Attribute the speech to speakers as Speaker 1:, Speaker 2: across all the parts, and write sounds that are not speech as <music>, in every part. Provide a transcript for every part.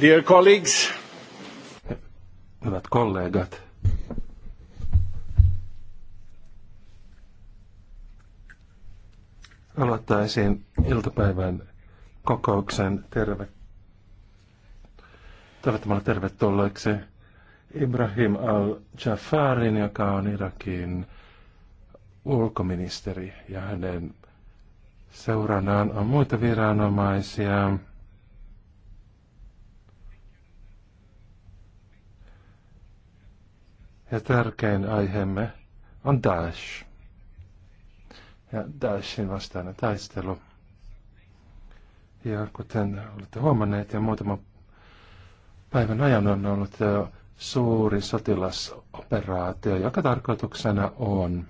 Speaker 1: Dear colleagues. Hyvät kollegat. Aloittaisin iltapäivän kokouksen terve, toivottamalla tervetulleeksi Ibrahim al-Jafarin, joka on Irakin ulkoministeri ja hänen seuranaan on muita viranomaisia Ja tärkein aiheemme on Daesh. Ja Daeshin vastainen taistelu. Ja kuten olette huomanneet, ja muutama päivän ajan on ollut suuri sotilasoperaatio, joka tarkoituksena on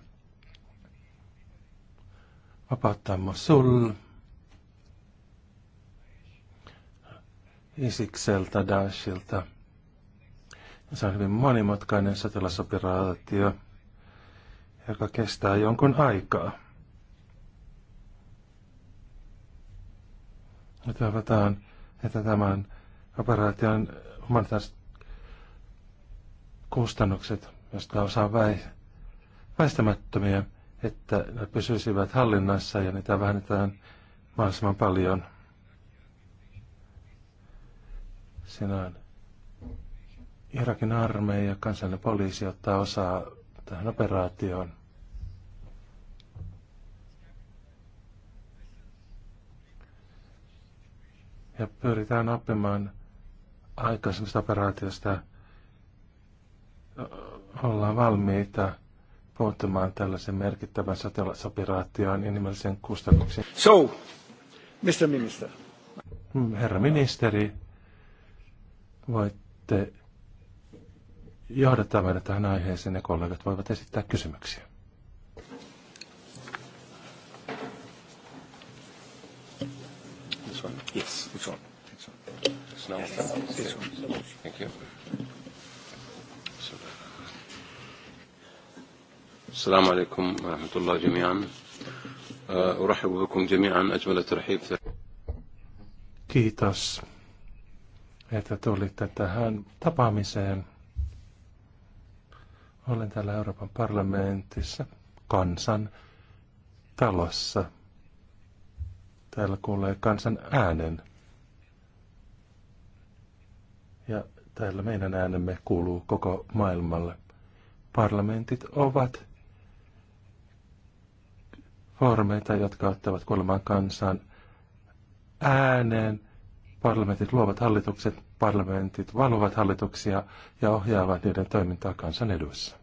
Speaker 1: vapauttaa Mosul Isikseltä, Daeshilta – se on hyvin monimutkainen sotilasoperaatio, joka kestää jonkun aikaa. Nyt toivotaan, että tämän operaation humanitaariset kustannukset, jotka osaa väistämättömiä, että ne pysyisivät hallinnassa ja niitä vähennetään mahdollisimman paljon. Siinä on Irakin armeija ja kansallinen poliisi ottaa osaa tähän operaatioon. Ja pyritään oppimaan aikaisemmista operaatiosta. Ollaan valmiita puuttumaan tällaisen merkittävän sotilasoperaatioon ja nimelliseen kustannuksiin. So,
Speaker 2: Mr. Minister.
Speaker 1: Herra ministeri, voitte johdattaa meidät tähän aiheeseen ja kollegat voivat esittää kysymyksiä. Thank you. السلام عليكم ورحمة الله جميعا أرحب بكم جميعا أجمل ترحيب Kiitos, että tulitte tähän tapaamiseen. Olen täällä Euroopan parlamentissa, kansan talossa. Täällä kuulee kansan äänen. Ja täällä meidän äänemme kuuluu koko maailmalle. Parlamentit ovat formeita, jotka ottavat kuolemaan kansan ääneen. Parlamentit luovat hallitukset parlamentit valvovat hallituksia ja ohjaavat niiden toimintaa kansan eduissa.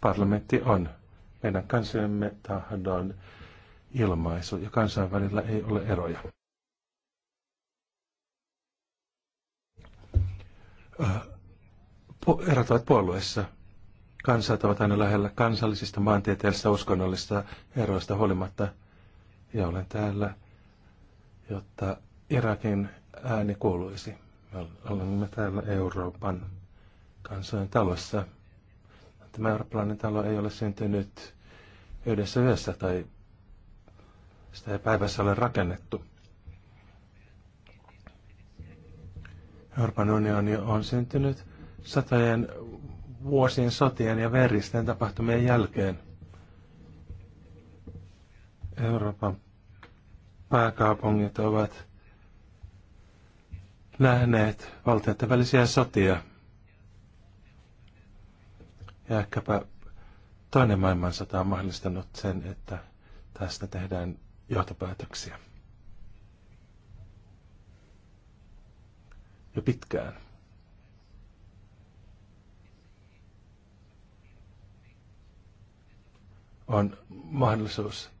Speaker 1: Parlamentti on meidän kansojemme tahdon ilmaisu ja kansainvälillä ei ole eroja. Erot ovat puolueessa. Kansat ovat aina lähellä kansallisista, maantieteellisistä, uskonnollisista eroista huolimatta. Ja olen täällä jotta Irakin ääni kuuluisi. Me olemme täällä Euroopan kansojen talossa. Tämä eurooppalainen talo ei ole syntynyt yhdessä yössä tai sitä ei päivässä ole rakennettu. Euroopan unioni on syntynyt satojen vuosien sotien ja veristen tapahtumien jälkeen. Euroopan pääkaupungit ovat nähneet valtioiden välisiä sotia. Ja ehkäpä toinen maailmansota on mahdollistanut sen, että tästä tehdään johtopäätöksiä. Jo pitkään. On mahdollisuus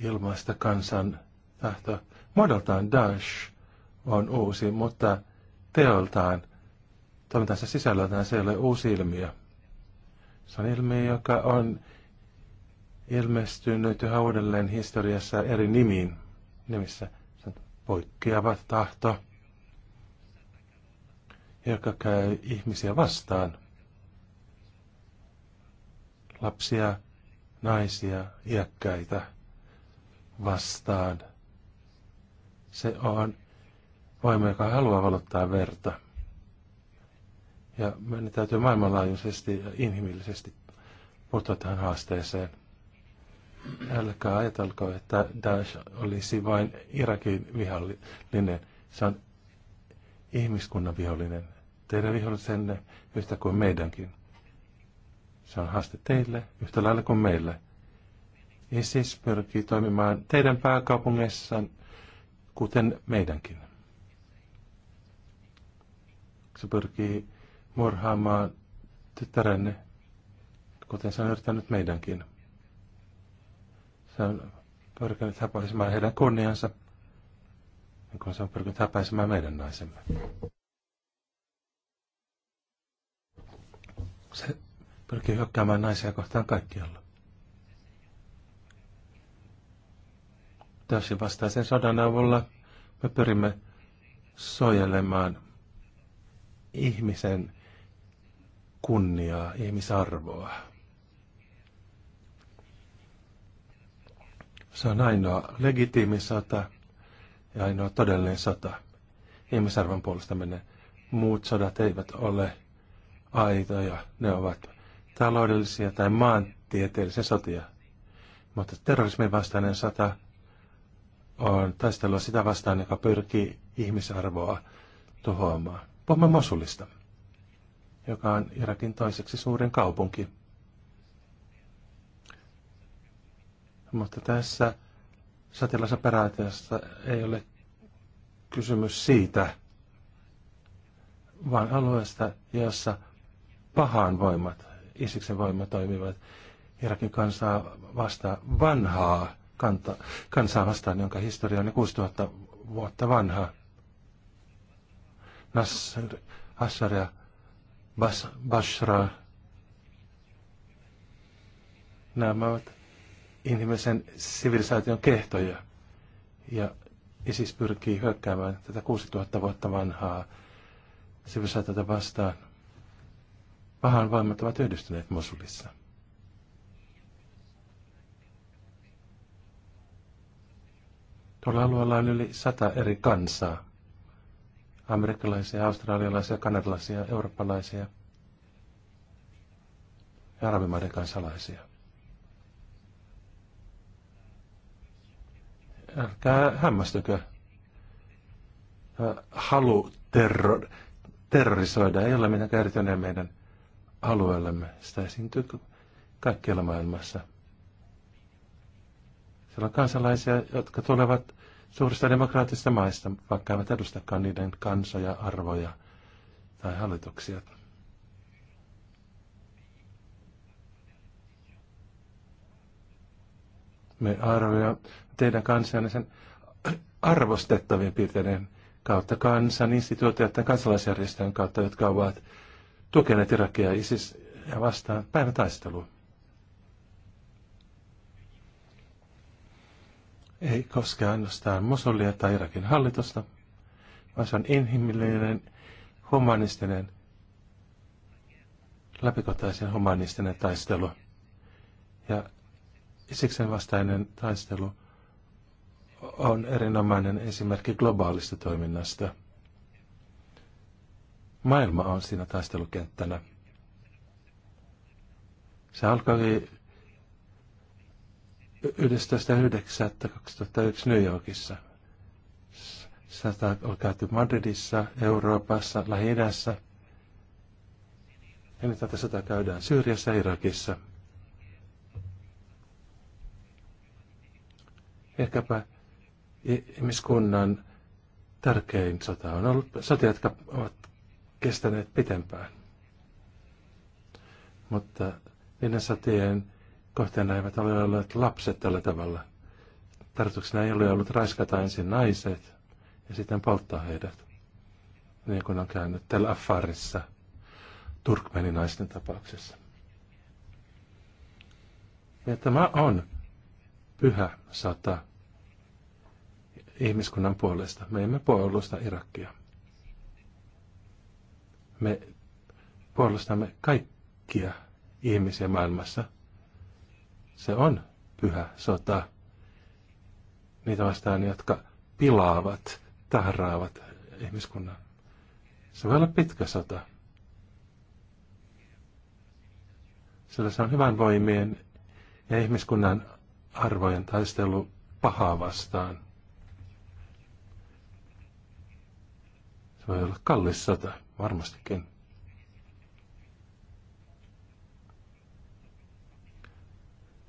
Speaker 1: ilmaista kansan tahtoa. Modoltaan Daesh on uusi, mutta teoltaan, toimintansa sisällöltään se ei ole uusi ilmiö. Se on ilmiö, joka on ilmestynyt yhä uudelleen historiassa eri nimiin, nimissä poikkeava tahto, joka käy ihmisiä vastaan. Lapsia, naisia, iäkkäitä vastaan. Se on voima, joka haluaa valottaa verta. Ja meidän täytyy maailmanlaajuisesti ja inhimillisesti puuttua tähän haasteeseen. Älkää ajatelko, että Daesh olisi vain Irakin vihollinen. Se on ihmiskunnan vihollinen. Teidän vihollisenne yhtä kuin meidänkin. Se on haaste teille yhtä lailla kuin meille. ISIS pyrkii toimimaan teidän pääkaupungissa, kuten meidänkin. Se pyrkii murhaamaan tyttärenne, kuten se on yrittänyt meidänkin. Se on pyrkinyt häpäisemään heidän kunniansa, niin kuin se on pyrkinyt häpäisemään meidän naisemme. Se pyrkii hyökkäämään naisia kohtaan kaikkialla. Tässä vastaisen sodan avulla me pyrimme sojelemaan ihmisen kunniaa, ihmisarvoa. Se on ainoa legitiimi sota ja ainoa todellinen sota. Ihmisarvon puolustaminen. Muut sodat eivät ole aitoja. Ne ovat taloudellisia tai maantieteellisiä sotia. Mutta terrorismin vastainen sota on taistelua sitä vastaan, joka pyrkii ihmisarvoa tuhoamaan. Puhumme Mosulista, joka on Irakin toiseksi suurin kaupunki. Mutta tässä sotilasoperaatiossa ei ole kysymys siitä, vaan alueesta, jossa pahan voimat, Isiksen voimat toimivat Irakin kansaa vastaa vanhaa kanta, kansaa vastaan, jonka historia on jo 6000 vuotta vanha. Nasr, Assar ja Bas, Bashra. Nämä ovat ihmisen sivilisaation kehtoja. Ja ISIS pyrkii hyökkäämään tätä 6000 vuotta vanhaa sivilisaatiota vastaan. Pahan voimat ovat yhdistyneet Mosulissa. Tuolla alueella on yli sata eri kansaa. Amerikkalaisia, australialaisia, kanadalaisia, eurooppalaisia ja arabimaiden kansalaisia. Älkää hämmästykö. Halu terro- terrorisoida ei ole mitenkään erityinen meidän alueellemme. Sitä esiintyy kaikkialla maailmassa. Siellä on kansalaisia, jotka tulevat suurista demokraattisista maista, vaikka eivät edustakaan niiden kansoja, arvoja tai hallituksia. Me arvoja teidän kansanne sen arvostettavien piirteiden kautta kansan, instituutioiden, kansalaisjärjestöjen kautta, jotka ovat tukeneet Irakia ISIS ja vastaan päivätaisteluun. ei koske ainoastaan Mosolia tai Irakin hallitusta, vaan se on inhimillinen, humanistinen, läpikotaisen humanistinen taistelu. Ja Isiksen vastainen taistelu on erinomainen esimerkki globaalista toiminnasta. Maailma on siinä taistelukenttänä. Se alkoi 11.9.2001 New Yorkissa. Sata on käyty Madridissa, Euroopassa, Lähi-idässä. Ja nyt tätä sotaa käydään Syyriassa, Irakissa. Ehkäpä ihmiskunnan tärkein sota on ollut sotia, jotka ovat kestäneet pitempään. Mutta niiden sotien kohteena eivät ole olleet lapset tällä tavalla. Tarkoituksena ei ole ollut raiskata ensin naiset ja sitten polttaa heidät, niin kuin on käynyt Tel Afarissa, naisten tapauksessa. Ja tämä on pyhä sata ihmiskunnan puolesta. Me emme puolusta Irakia. Me puolustamme kaikkia ihmisiä maailmassa – se on pyhä sota niitä vastaan, jotka pilaavat, tahraavat ihmiskunnan. Se voi olla pitkä sota. Sillä se on hyvän voimien ja ihmiskunnan arvojen taistelu pahaa vastaan. Se voi olla kallis sota, varmastikin.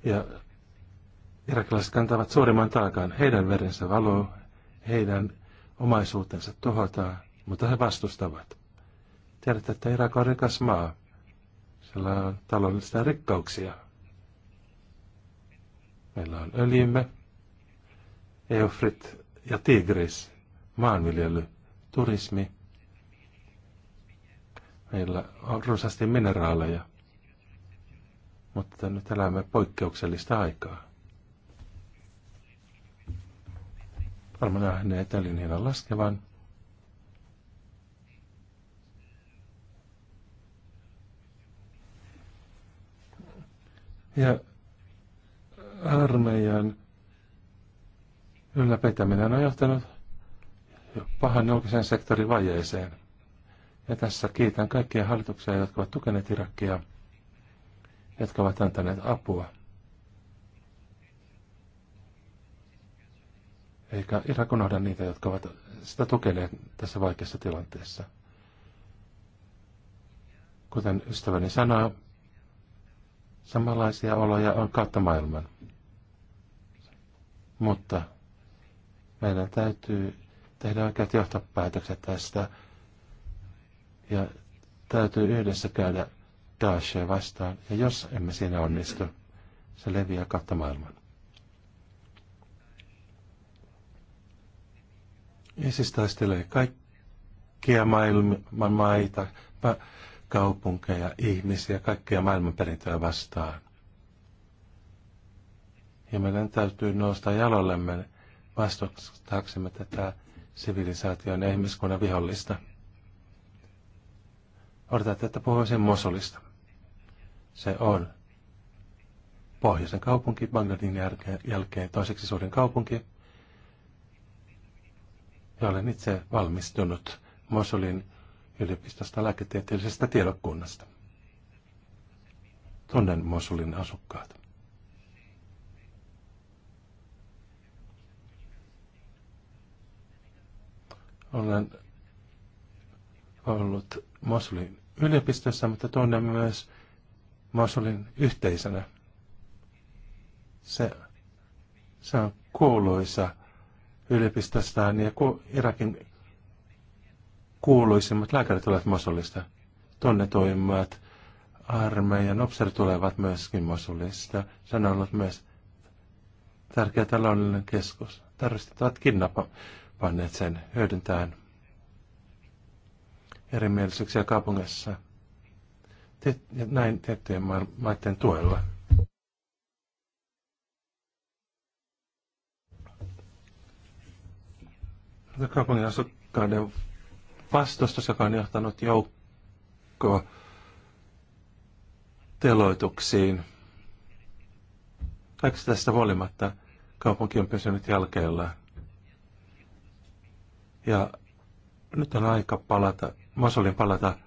Speaker 1: Ja irakilaiset kantavat suurimman taakan. Heidän verensä valuu, heidän omaisuutensa tuhotaan, mutta he vastustavat. Tiedätte, että Irak on rikas maa. Sillä on taloudellisia rikkauksia. Meillä on öljymme, Eufrit ja Tigris, maanviljely, turismi. Meillä on runsaasti mineraaleja mutta nyt elämme poikkeuksellista aikaa. Olemme nähdään elinhinnan laskevan. Ja armeijan ylläpitäminen on johtanut pahan julkisen sektorin vajeeseen. Ja tässä kiitän kaikkia hallituksia, jotka ovat tukeneet Irakia – jotka ovat antaneet apua. Eikä Irak unohda niitä, jotka ovat sitä tukeneet tässä vaikeassa tilanteessa. Kuten ystäväni sanoo, samanlaisia oloja on kautta maailman. Mutta meidän täytyy tehdä oikeat johtopäätökset tästä ja täytyy yhdessä käydä Daeshia vastaan, ja jos emme siinä onnistu, se leviää kautta maailman. ISIS taistelee kaikkia maailman maita, kaupunkeja, ihmisiä, kaikkea maailmanperintöä vastaan. Ja meidän täytyy nousta jalollemme vastustaaksemme tätä sivilisaation ja ihmiskunnan vihollista. Odotatte, että puhuisin Mosolista. Se on pohjoisen kaupunki Bangladin jälkeen toiseksi suurin kaupunki. Ja olen itse valmistunut Mosulin yliopistosta lääketieteellisestä tiedokunnasta. Tunnen Mosulin asukkaat. Olen ollut Mosulin yliopistossa, mutta tunnen myös Mosulin yhteisönä. Se, se on kuuluisa yliopistostaan ja ku, Irakin kuuluisimmat lääkärit tulevat Mosulista. Tunnetuimmat armeijan observit tulevat myöskin Mosulista. Se on ollut myös tärkeä taloudellinen keskus. Terroristit ovat kidnappanneet sen hyödyntään erimielisyyksiä kaupungissa näin tiettyjen maiden tuella. Kaupungin asukkaiden vastustus, joka on johtanut joukkoa teloituksiin. Kaikesta tästä huolimatta kaupunki on pysynyt jälkeellä. Ja nyt on aika palata, Mosulin palata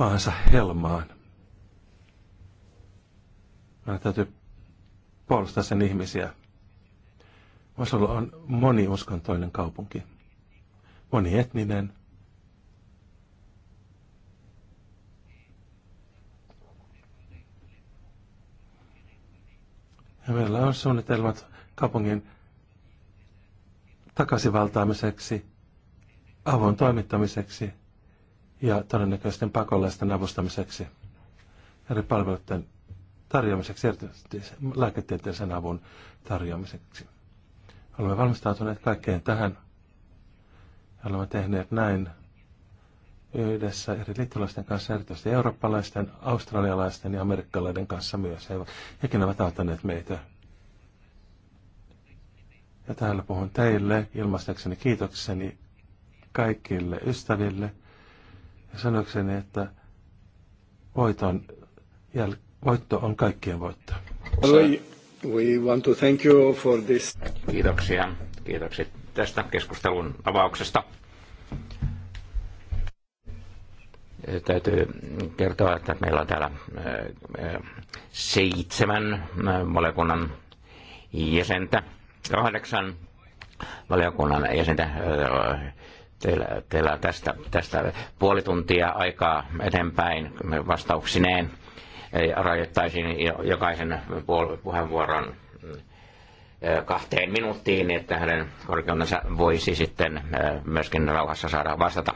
Speaker 1: maansa helmaan. Mä täytyy puolustaa sen ihmisiä. Oslo on moniuskontoinen kaupunki, monietninen. Ja meillä on suunnitelmat kaupungin takaisinvaltaamiseksi, avun toimittamiseksi – ja todennäköisten pakolaisten avustamiseksi, eri palveluiden tarjoamiseksi, erityisesti lääketieteellisen avun tarjoamiseksi. Olemme valmistautuneet kaikkeen tähän. Olemme tehneet näin yhdessä eri liittolaisten kanssa, erityisesti eurooppalaisten, australialaisten ja amerikkalaiden kanssa myös. He, hekin ovat auttaneet meitä. Ja täällä puhun teille ilmaistakseni kiitokseni kaikille ystäville, ja sanokseni, että voiton jäl- voitto on kaikkien voitto. We want to thank you for this.
Speaker 2: Kiitoksia. kiitoksia tästä keskustelun avauksesta. Täytyy kertoa, että meillä on täällä äh, seitsemän äh, valiokunnan jäsentä, kahdeksan valiokunnan jäsentä äh, Teillä, teillä tästä, tästä puoli tuntia aikaa eteenpäin vastauksineen. rajoittaisin jokaisen puheenvuoron kahteen minuuttiin, niin että hänen korkeutensa voisi sitten myöskin rauhassa saada vastata.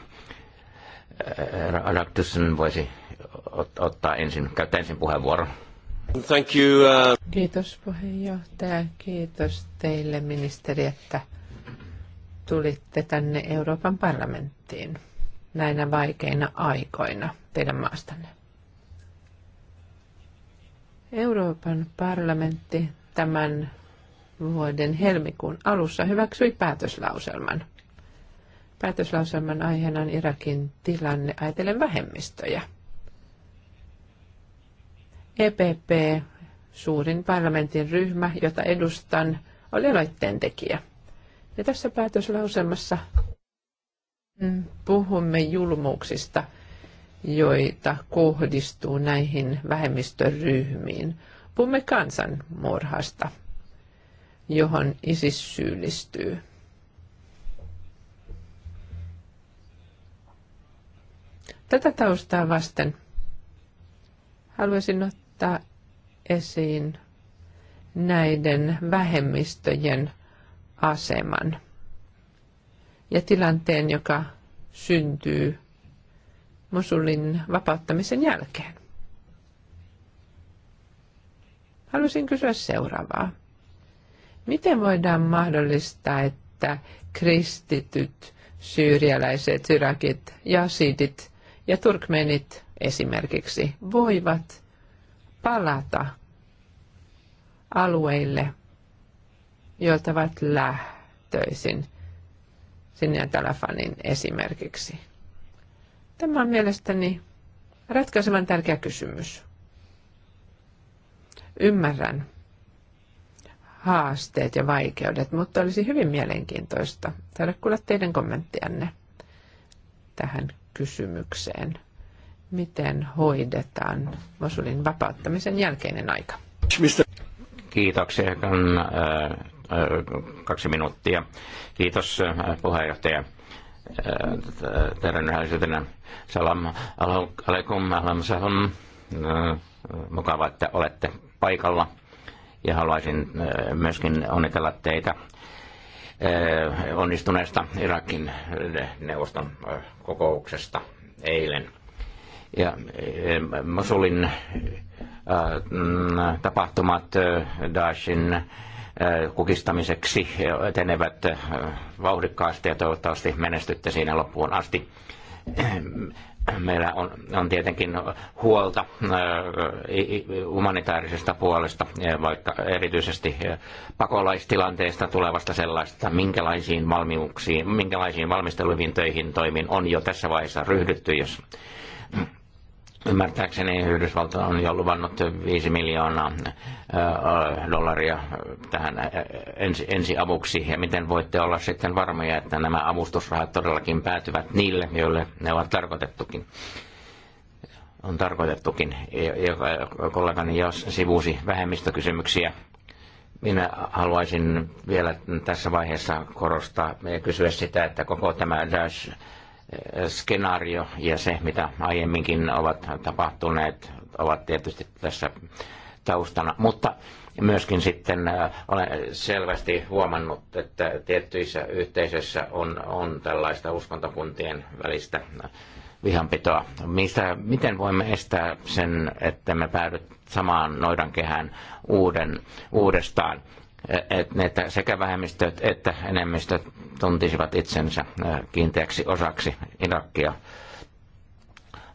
Speaker 2: Raktussen voisi ottaa ensin, käyttää ensin puheenvuoron. Thank you, uh...
Speaker 3: Kiitos puheenjohtaja, kiitos teille ministeri, että tulitte tänne Euroopan parlamenttiin näinä vaikeina aikoina teidän maastanne. Euroopan parlamentti tämän vuoden helmikuun alussa hyväksyi päätöslauselman. Päätöslauselman aiheena on Irakin tilanne ajatellen vähemmistöjä. EPP, suurin parlamentin ryhmä, jota edustan, oli aloitteen tekijä – ja tässä päätöslauselmassa puhumme julmuuksista, joita kohdistuu näihin vähemmistöryhmiin. Puhumme kansanmurhasta, johon ISIS syyllistyy. Tätä taustaa vasten haluaisin ottaa esiin näiden vähemmistöjen aseman ja tilanteen, joka syntyy Mosulin vapauttamisen jälkeen. Haluaisin kysyä seuraavaa. Miten voidaan mahdollistaa, että kristityt, syyrialaiset, irakit, jasidit ja turkmenit esimerkiksi voivat palata alueille – joilta ovat lähtöisin ja Talafanin esimerkiksi? Tämä on mielestäni ratkaisevan tärkeä kysymys. Ymmärrän haasteet ja vaikeudet, mutta olisi hyvin mielenkiintoista saada kuulla teidän kommenttianne tähän kysymykseen. Miten hoidetaan Mosulin vapauttamisen jälkeinen aika?
Speaker 2: Kiitoksia. Äh, kaksi minuuttia. Kiitos äh, puheenjohtaja. Äh, Terveydenhoitajana. Salam alaikum, alam salam. Mukava, että olette paikalla. Ja haluaisin myöskin onnitella teitä onnistuneesta Irakin neuvoston kokouksesta eilen. Ja Mosulin mm, tapahtumat Daeshin kukistamiseksi etenevät vauhdikkaasti ja toivottavasti menestytte siinä loppuun asti. Meillä on, on tietenkin huolta humanitaarisesta puolesta, vaikka erityisesti pakolaistilanteesta tulevasta sellaista, minkälaisiin valmiuksiin, minkälaisiin valmisteluihin töihin toimiin on jo tässä vaiheessa ryhdytty, jos Ymmärtääkseni Yhdysvalto on jo luvannut 5 miljoonaa dollaria tähän ensi, avuksi Ja miten voitte olla sitten varmoja, että nämä avustusrahat todellakin päätyvät niille, joille ne ovat tarkoitettukin? On tarkoitettukin. Kollegani jos sivuusi vähemmistökysymyksiä. Minä haluaisin vielä tässä vaiheessa korostaa ja kysyä sitä, että koko tämä Daesh skenaario ja se, mitä aiemminkin ovat tapahtuneet, ovat tietysti tässä taustana. Mutta myöskin sitten äh, olen selvästi huomannut, että tiettyissä yhteisöissä on, on tällaista uskontokuntien välistä vihanpitoa. Mistä, miten voimme estää sen, että me päädyt samaan noidankehään uuden, uudestaan? E, että sekä vähemmistöt että enemmistöt tuntisivat itsensä e, kiinteäksi osaksi Irakia.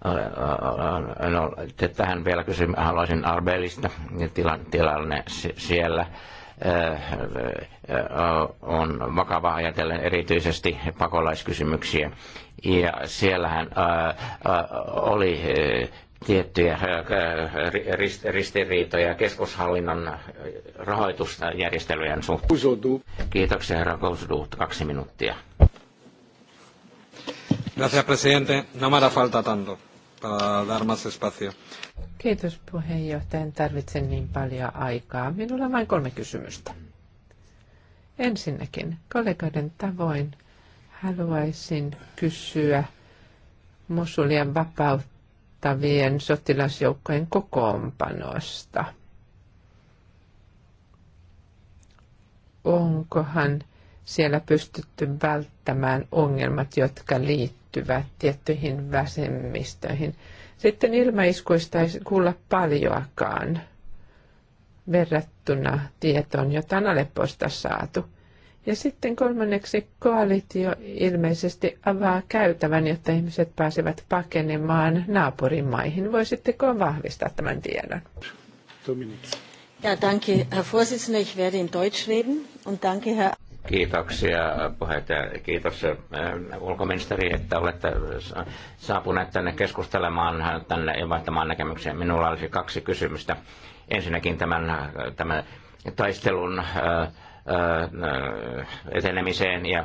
Speaker 2: E, no, tähän vielä kysyn, haluaisin Arbelista tilanne siellä on vakava ajatellen erityisesti pakolaiskysymyksiä. Ja siellähän oli tiettyjä äh, äh, ristiriitoja keskushallinnon äh, järjestelyjen suhteen. Kiitoksia, herra Kousduut. Kaksi minuuttia.
Speaker 1: Gracias, presidente. No me falta tanto para dar más espacio.
Speaker 3: Kiitos puheenjohtaja. En tarvitse niin paljon aikaa. Minulla on vain kolme kysymystä. Ensinnäkin kollegoiden tavoin haluaisin kysyä Mosulian vapautta vastaavien sotilasjoukkojen kokoonpanosta. Onkohan siellä pystytty välttämään ongelmat, jotka liittyvät tiettyihin väsemmistöihin. Sitten ilmaiskuista ei kuulla paljoakaan verrattuna tietoon, jota on Aleppoista saatu – ja sitten kolmanneksi koalitio ilmeisesti avaa käytävän, jotta ihmiset pääsevät pakenemaan naapurimaihin. Voisitteko vahvistaa tämän tiedon?
Speaker 1: Ja, danke, Herr
Speaker 3: Ich werde in Deutsch reden. Und danke, Herr
Speaker 2: Kiitoksia puheenjohtaja. Kiitos äh, ulkoministeri, että olette saapuneet tänne keskustelemaan tänne ja vaihtamaan näkemyksiä. Minulla olisi kaksi kysymystä. Ensinnäkin tämän, äh, tämän taistelun äh, Äh, äh, etenemiseen ja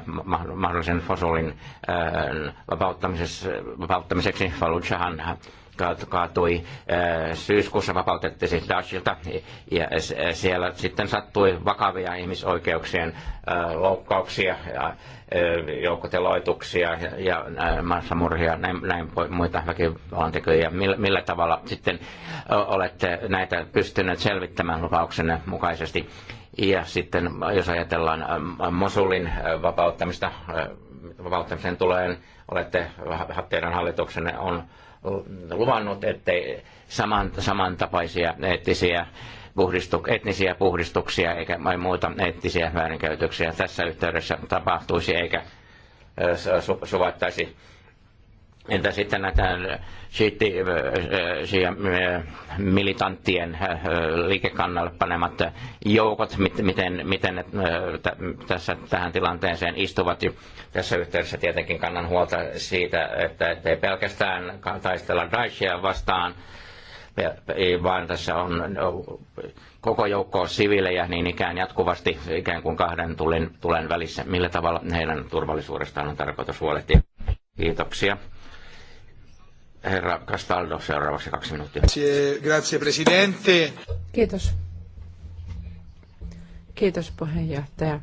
Speaker 2: mahdollisen fosolin äh, vapauttamiseksi. Fallujahan kaatui syyskuussa vapautettiin siis Dashilta ja siellä sitten sattui vakavia ihmisoikeuksien loukkauksia ja joukkoteloituksia ja massamurhia näin, näin muita väkivallantekoja. Millä, millä tavalla sitten olette näitä pystyneet selvittämään lupauksenne mukaisesti ja sitten jos ajatellaan ähm, Mosulin äh, vapauttamista, äh, vapauttamisen tuleen, olette, teidän hallituksenne on luvannut, että saman, samantapaisia eettisiä puhdistuk, etnisiä puhdistuksia eikä vai muuta eettisiä väärinkäytöksiä tässä yhteydessä tapahtuisi eikä äh, su, suvaittaisi Entä sitten näitä äh, siitti, äh, äh, militanttien liikekannalle panemat joukot, miten, miten tässä tähän tilanteeseen istuvat. Tässä yhteydessä tietenkin kannan huolta siitä, että ei pelkästään taistella Daeshia vastaan, vaan tässä on koko joukko siviilejä niin ikään jatkuvasti ikään kuin kahden tulen, tulen välissä. Millä tavalla heidän turvallisuudestaan on tarkoitus huolehtia? Kiitoksia. Herra Castaldo, seuraavaksi kaksi minuuttia.
Speaker 3: Grazie, presidente. Kiitos. Kiitos puheenjohtaja.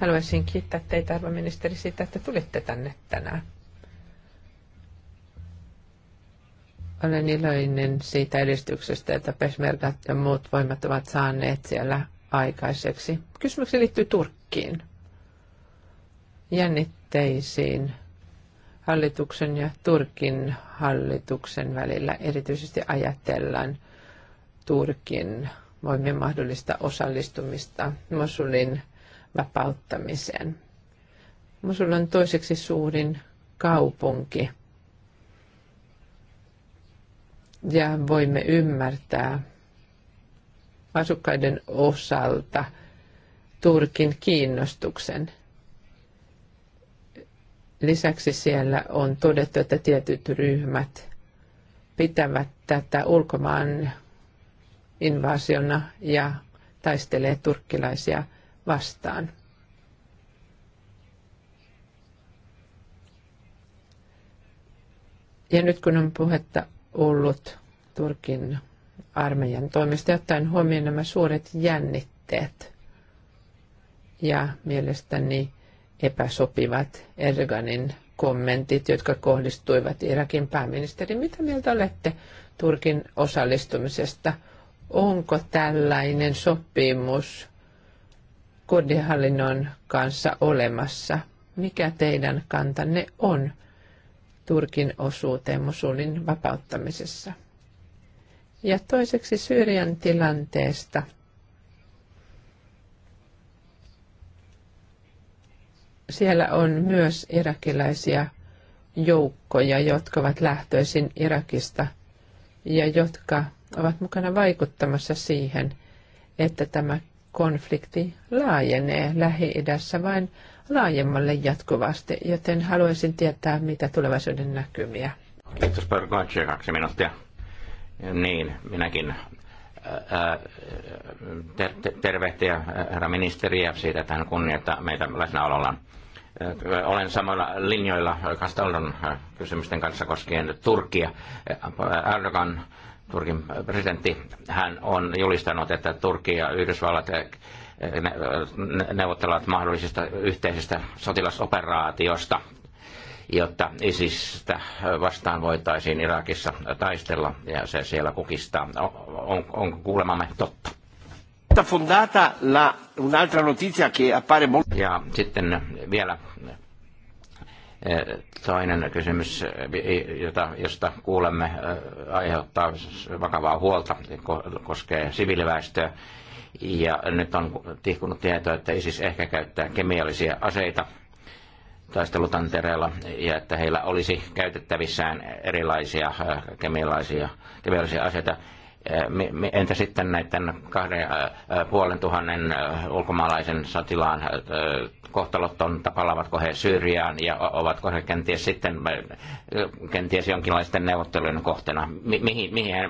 Speaker 3: Haluaisin kiittää teitä, arvo ministeri, siitä, että tulitte tänne tänään. Olen iloinen siitä edistyksestä, että Pesmergat ja muut voimat ovat saaneet siellä aikaiseksi. Kysymykseni liittyy Turkkiin. Jännitteisiin hallituksen ja Turkin hallituksen välillä. Erityisesti ajatellaan Turkin voimien mahdollista osallistumista Mosulin vapauttamiseen. Mosul on toiseksi suurin kaupunki. Ja voimme ymmärtää asukkaiden osalta Turkin kiinnostuksen. Lisäksi siellä on todettu, että tietyt ryhmät pitävät tätä ulkomaan invasiona ja taistelee turkkilaisia vastaan. Ja nyt kun on puhetta ollut Turkin armeijan toimesta, ottaen huomioon nämä suuret jännitteet ja mielestäni epäsopivat Erdoganin kommentit, jotka kohdistuivat Irakin pääministeriin. Mitä mieltä olette Turkin osallistumisesta? Onko tällainen sopimus kurdihallinnon kanssa olemassa? Mikä teidän kantanne on Turkin osuuteen Mosulin vapauttamisessa? Ja toiseksi Syyrian tilanteesta – siellä on myös irakilaisia joukkoja, jotka ovat lähtöisin Irakista ja jotka ovat mukana vaikuttamassa siihen, että tämä konflikti laajenee Lähi-idässä vain laajemmalle jatkuvasti, joten haluaisin tietää, mitä tulevaisuuden näkymiä.
Speaker 2: Kiitos Pörkoitsi, kaksi minuuttia. Niin, minäkin äh, äh, ter- tervehtiä äh, herra ministeriä siitä, että hän kunnioittaa meitä läsnäolollaan. Äh, olen samalla linjoilla Castellon äh, kysymysten kanssa koskien Turkia. Äh, Erdogan, Turkin presidentti, hän on julistanut, että Turkki ja Yhdysvallat neuvottelevat mahdollisista yhteisistä sotilasoperaatiosta, jotta ISISistä vastaan voitaisiin Irakissa taistella ja se siellä kukistaa. On, on kuulemamme totta? molto fondata la, un'altra notizia che appare molto... Ja sitten vielä eh, toinen kysymys, eh, jota, josta kuulemme, eh, aiheuttaa vakavaa huolta, koskee siviiliväestöä. Ja nyt on tihkunut tietoa, että ISIS ehkä käyttää kemiallisia aseita taistelutantereella ja että heillä olisi käytettävissään erilaisia kemiallisia, kemiallisia aseita Eh, entä sitten näiden kahden puolen tuhannen ulkomaalaisen sotilaan kohtalot on, palaavatko he Syyriaan ja ovatko he kenties sitten kenties jonkinlaisten neuvottelujen kohtena, Mihin, mihin he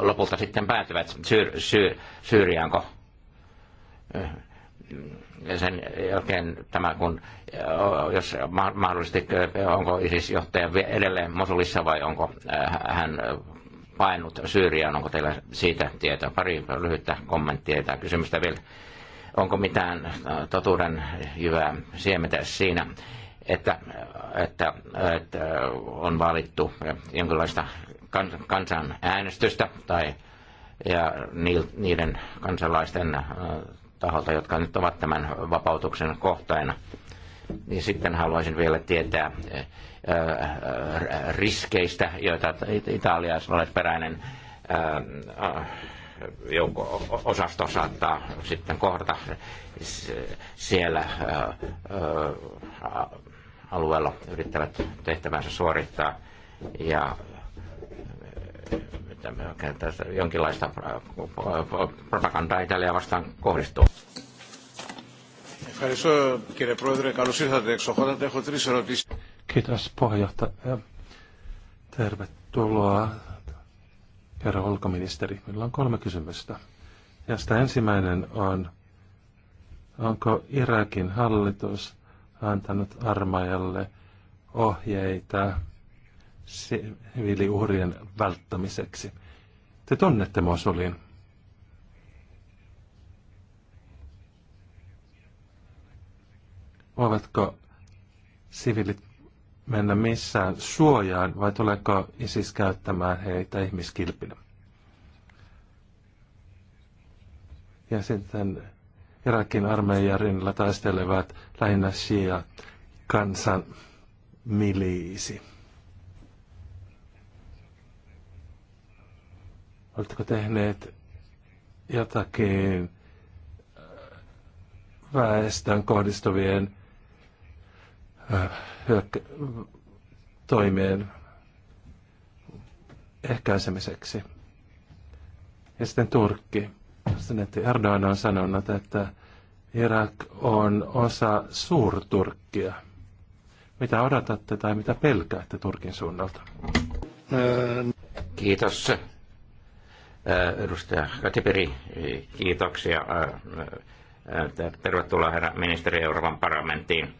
Speaker 2: lopulta sitten päätyvät? Syr, syr, syyriaanko? sen jälkeen tämä, kun jos mahdollisesti onko ISIS-johtaja edelleen Mosulissa vai onko hän painut Syyriaan. Onko teillä siitä tietoa? Pari lyhyttä kommenttia tai kysymystä vielä. Onko mitään äh, totuuden jyvää siemetä siinä, että, että, että äh, on valittu jonkinlaista kansanäänestystä tai ja niiden kansalaisten äh, taholta, jotka nyt ovat tämän vapautuksen kohtaina. niin sitten haluaisin vielä tietää, riskeistä, joita italialaisperäinen joukko-osasto saattaa sitten kohdata siellä alueella yrittävät tehtävänsä suorittaa ja tästä jonkinlaista propagandaa Italiaa vastaan kohdistuu.
Speaker 1: Ευχαριστώ κύριε Πρόεδρε. Καλώς ήρθατε εξοχότατε. Έχω τρεις ερωτήσεις. Kiitos puheenjohtaja. Tervetuloa, herra ulkoministeri. Meillä on kolme kysymystä. Ja sitä ensimmäinen on, onko Irakin hallitus antanut armajalle ohjeita siviiliuhrien välttämiseksi? Te tunnette Mosulin. Voivatko siviilit mennä missään suojaan vai tuleeko ISIS käyttämään heitä ihmiskilpinä? Ja sitten Irakin armeijan rinnalla taistelevat lähinnä Shia kansan miliisi. Oletteko tehneet jotakin äh, väestön kohdistuvien toimeen ehkäisemiseksi. Ja sitten Turkki. Presidentti Erdogan on sanonut, että Irak on osa suurturkkia. Mitä odotatte tai mitä pelkäätte Turkin suunnalta?
Speaker 2: Kiitos. Äh, edustaja Katiperi. kiitoksia. Äh, äh, tervetuloa herra ministeri Euroopan parlamenttiin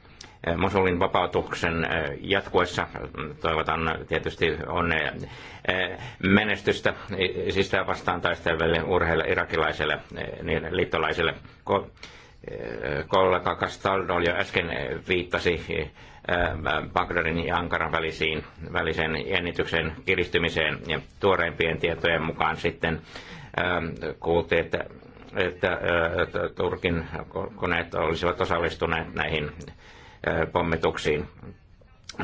Speaker 2: Eh, Mosulin vapautuksen eh, jatkuessa toivotan tietysti onnea eh, menestystä siis vastaan taistelville urheille irakilaiselle niin liittolaisille. Kollega Castaldo jo äsken viittasi Bagdadin ja Ankaran välisiin, välisen jännityksen kiristymiseen ja tuoreimpien tietojen mukaan sitten kuultiin, että että, että Turkin koneet olisivat osallistuneet näihin pommituksiin.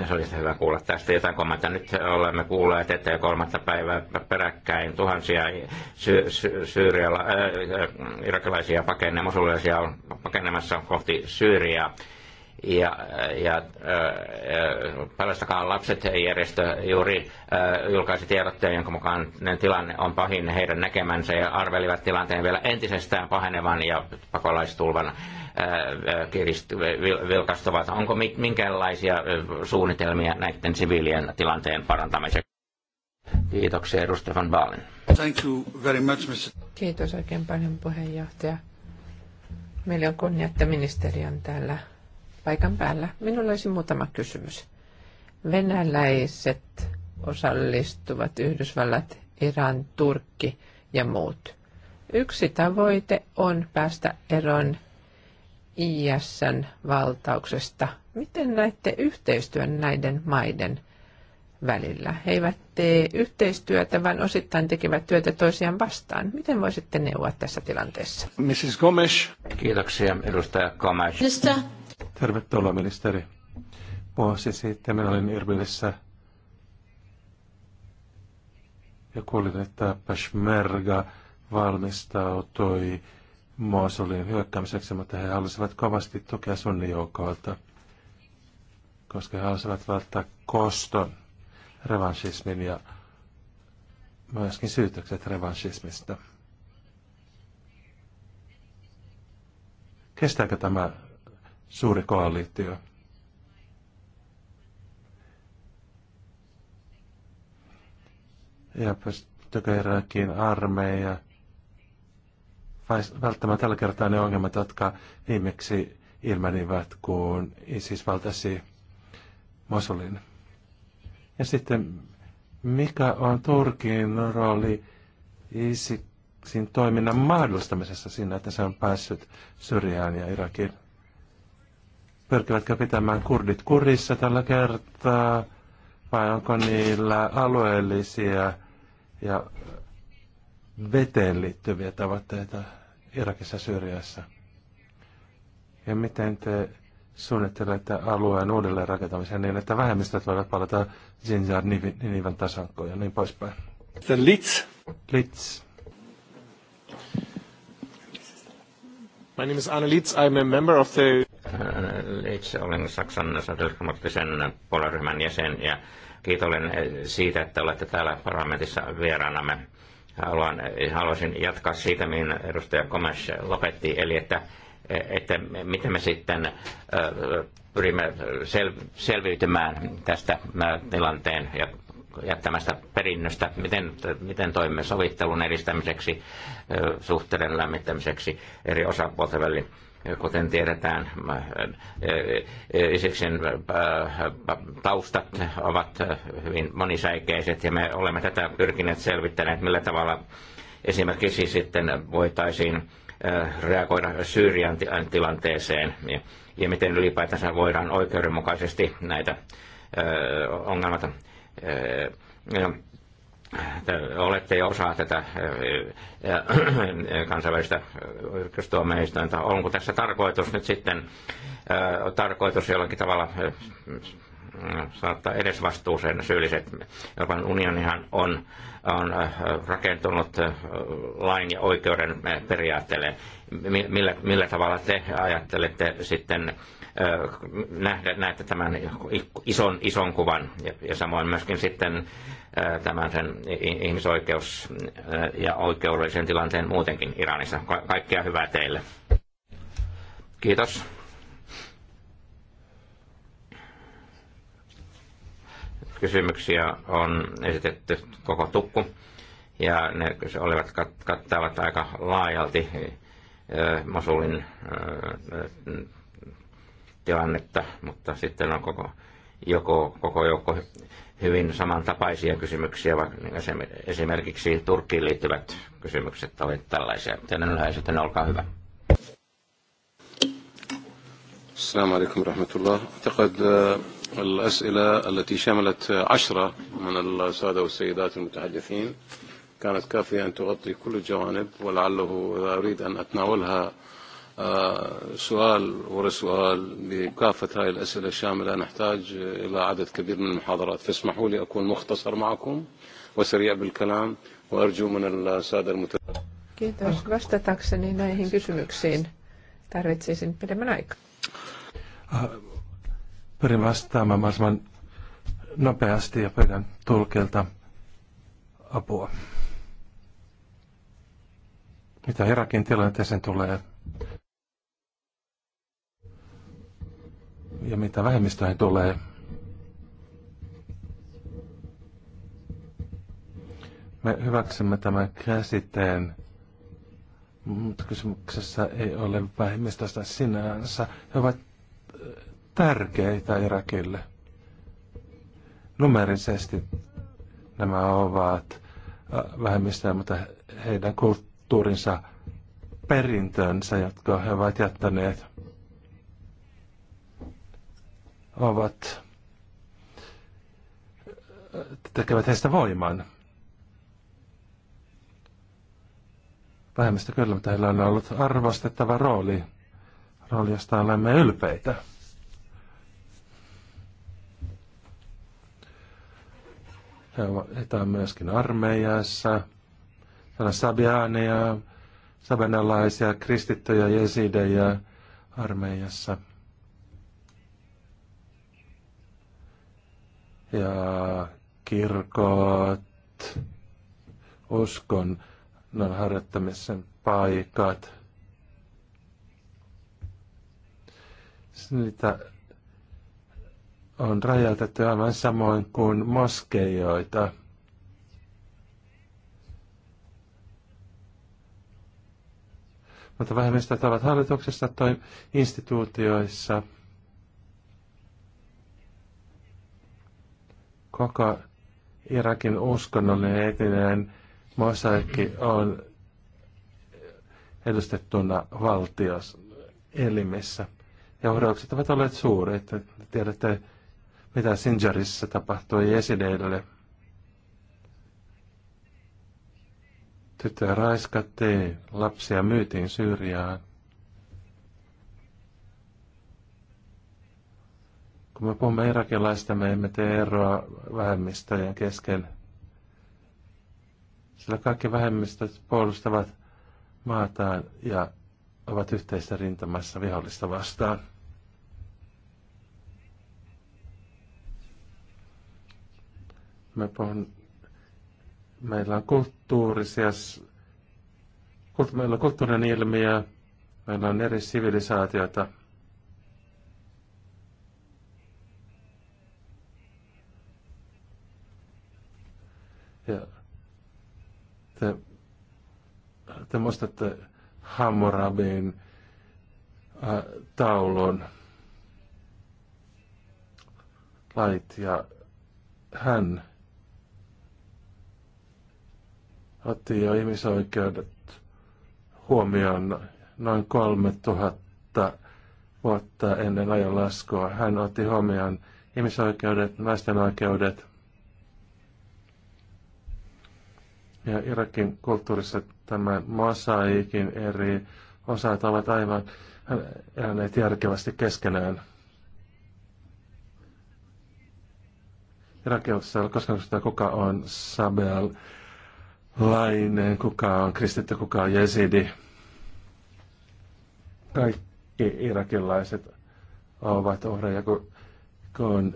Speaker 2: Se olisi hyvä kuulla tästä jotain kommenttia. Nyt olemme kuulleet, että jo kolmatta päivää peräkkäin tuhansia sy- sy- syyriala- äh, irakilaisia pakenee, on pakenemassa kohti Syyriaa ja, ja äh, äh, pelastakaa lapset järjestö juuri äh, julkaisi tiedotteen, jonka mukaan tilanne on pahin heidän näkemänsä ja arvelivat tilanteen vielä entisestään pahenevan ja pakolaistulvan äh, äh, kirist, vilkastuvat. Onko minkälaisia äh, suunnitelmia näiden siviilien tilanteen parantamiseksi? Kiitoksia, edustaja Van Baalen.
Speaker 1: Thank you very much, Mr.
Speaker 3: Kiitos oikein paljon puheenjohtaja. Meillä on kunnia, että ministeri on täällä paikan päällä. Minulla olisi muutama kysymys. Venäläiset osallistuvat, Yhdysvallat, Iran, Turkki ja muut. Yksi tavoite on päästä eroon ISN valtauksesta. Miten näette yhteistyön näiden maiden välillä? He eivät tee yhteistyötä, vaan osittain tekevät työtä toisiaan vastaan. Miten voisitte neuvoa tässä tilanteessa?
Speaker 1: Mrs. Gomes. Kiitoksia, edustaja Gomes. Mr. Tervetuloa, ministeri. Vuosi sitten minä olin Irbilissä ja kuulin, että Peshmerga valmistautui Mosulin hyökkäämiseksi, mutta he halusivat kovasti tukea sunnijoukoilta, koska he halusivat välttää koston revanchismin ja myöskin syytökset revanchismista. Kestääkö tämä suuri koalitio. Ja pystyykö armeija, armeija välttämättä tällä kertaa ne ongelmat, jotka viimeksi ilmenivät, kun ISIS valtasi Mosulin. Ja sitten, mikä on Turkin rooli ISISin toiminnan mahdollistamisessa siinä, että se on päässyt Syriaan ja Irakiin? Pyrkivätkö pitämään kurdit kurissa tällä kertaa vai onko niillä alueellisia ja veteen liittyviä tavoitteita Irakissa Syyriassa? Ja miten te suunnittelette alueen uudelleen rakentamisen niin, että vähemmistöt voivat palata Zinjar Nivan tasankoon ja niin poispäin? The Litz. Litz. My name is
Speaker 2: Anna Litz. I'm a member of the... Äh, itse olen Saksan sosiaalidemokraattisen puolueryhmän jäsen ja kiitollinen äh, siitä, että olette täällä parlamentissa vieraanamme. Haluan, äh, haluaisin jatkaa siitä, mihin edustaja Komes lopetti, eli että, että miten me sitten pyrimme sel, selviytymään tästä tilanteen ja jättämästä perinnöstä, miten, miten toimimme sovittelun edistämiseksi, suhteiden lämmittämiseksi eri osapuolten välillä kuten tiedetään, e, e, Isiksen taustat ovat hyvin monisäikeiset ja me olemme tätä pyrkineet selvittäneet, millä tavalla esimerkiksi sitten voitaisiin reagoida Syyrian tilanteeseen ja miten ylipäätänsä voidaan oikeudenmukaisesti näitä ongelmata te olette jo osa tätä äh, kansainvälistä rikostuomioistuinta. Onko tässä tarkoitus nyt sitten äh, tarkoitus jollakin tavalla äh, saattaa edes vastuuseen syylliset. Euroopan unionihan on, on rakentunut lain ja oikeuden periaatteelle. Millä, millä tavalla te ajattelette sitten nähdä, näette tämän ison, ison kuvan ja, ja samoin myöskin sitten tämän sen ihmisoikeus- ja oikeudellisen tilanteen muutenkin Iranissa. Ka- kaikkea hyvää teille. Kiitos. Kysymyksiä on esitetty koko tukku ja ne olivat kat- kattavat aika laajalti Mosulin tilannetta, mutta sitten on koko, joko, koko joukko hyvin samantapaisia kysymyksiä, vaikka esimerkiksi Turkkiin liittyvät kysymykset olivat tällaisia. Teidän yhä sitten, olkaa hyvä.
Speaker 1: السلام عليكم ورحمة الله أعتقد الأسئلة التي شملت عشرة من السادة والسيدات المتحدثين كانت كافية أن تغطي كل الجوانب ولعله إذا أريد أن أتناولها سؤال ورا سؤال بكافة هاي الأسئلة الشاملة نحتاج إلى عدد كبير من المحاضرات فاسمحوا لي أكون مختصر معكم وسريع بالكلام وأرجو من السادة المتابعين
Speaker 3: Kiitos. Vastatakseni näihin kysymyksiin tarvitsisin pidemmän aikaa.
Speaker 1: Äh, pyrin vastaamaan mahdollisimman nopeasti ja pyydän tulkilta apua. Mitä Irakin tilanteeseen tulee, Ja mitä vähemmistöihin tulee, me hyväksymme tämän käsitteen, mutta kysymyksessä ei ole vähemmistöstä sinänsä. He ovat äh, tärkeitä Irakille. Numerisesti nämä ovat äh, vähemmistöjä, mutta heidän kulttuurinsa perintönsä, jotka he ovat jättäneet – ovat, tekevät heistä voiman. Vähemmistö kyllä, mutta heillä on ollut arvostettava rooli, rooli josta olemme ylpeitä. Heitä on myöskin armeijassa. Täällä on sabianeja, sabenalaisia, kristittyjä, jesidejä armeijassa – ja kirkot, uskon harjoittamisen paikat. Niitä on rajoitettu aivan samoin kuin moskeijoita. Mutta vähemmistöt ovat hallituksessa tai instituutioissa – Koko Irakin uskonnollinen etinen mosaikki on edustettuna valtios Ja uhraukset ovat olleet suuret. Tiedätte, mitä Sinjarissa tapahtui esideille. Tyttöä raiskattiin, lapsia myytiin Syyriaan. Kun me puhumme irakilaista, me emme tee eroa vähemmistöjen kesken. Sillä kaikki vähemmistöt puolustavat maataan ja ovat yhteisessä rintamassa vihollista vastaan. Me puhun, meillä on kulttuurisia, kult, meillä on kulttuurinen ilmiö, meillä on eri sivilisaatioita, Te, te muistatte Hammurabin äh, taulun lait ja hän otti jo ihmisoikeudet huomioon noin 3000 vuotta ennen ajan laskua. Hän otti huomioon ihmisoikeudet, naisten oikeudet, Ja Irakin kulttuurissa tämä masaikin eri osat ovat aivan eläneet järkevästi keskenään. Irakissa koskaan sitä, kuka on Sabel lainen, kuka on kristitty, kuka on jesidi. Kaikki irakilaiset ovat uhreja, kun, kun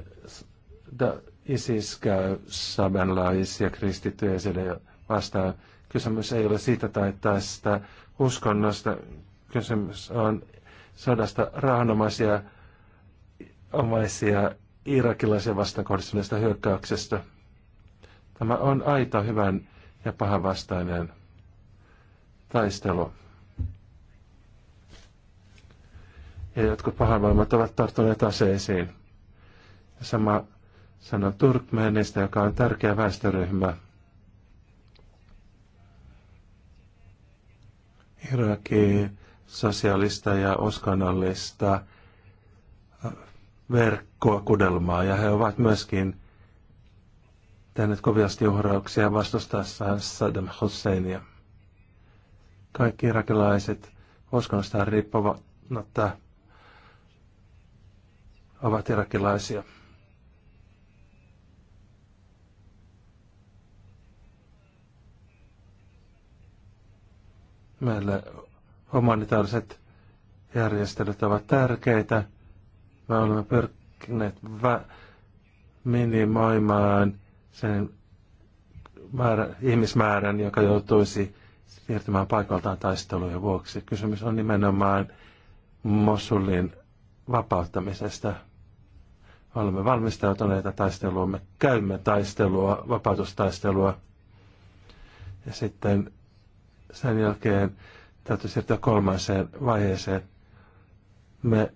Speaker 1: da, ISIS käy samanlaisia kristittyjä ja vastaan. Kysymys ei ole siitä tai tästä uskonnosta. Kysymys on sodasta raanomaisia omaisia irakilaisia vastaan hyökkäyksestä. Tämä on aito hyvän ja pahan vastainen taistelu. Ja jotkut voimat ovat tarttuneet aseisiin. Ja sama sanon Turkmeenista, joka on tärkeä väestöryhmä – Iraki sosiaalista ja uskonnollista äh, verkkoa kudelmaa ja he ovat myöskin tehneet koviasti uhrauksia vastustaessaan Saddam Husseinia. Kaikki irakilaiset uskonnostaan että ovat irakilaisia. Meille humanitaariset järjestelyt ovat tärkeitä. Me olemme pyrkineet minimoimaan sen määrä, ihmismäärän, joka joutuisi siirtymään paikaltaan taistelujen vuoksi. Kysymys on nimenomaan Mosulin vapauttamisesta. Olemme valmistautuneita taisteluun, me käymme taistelua, vapautustaistelua. Ja sitten sen jälkeen täytyy siirtyä kolmanseen vaiheeseen. Me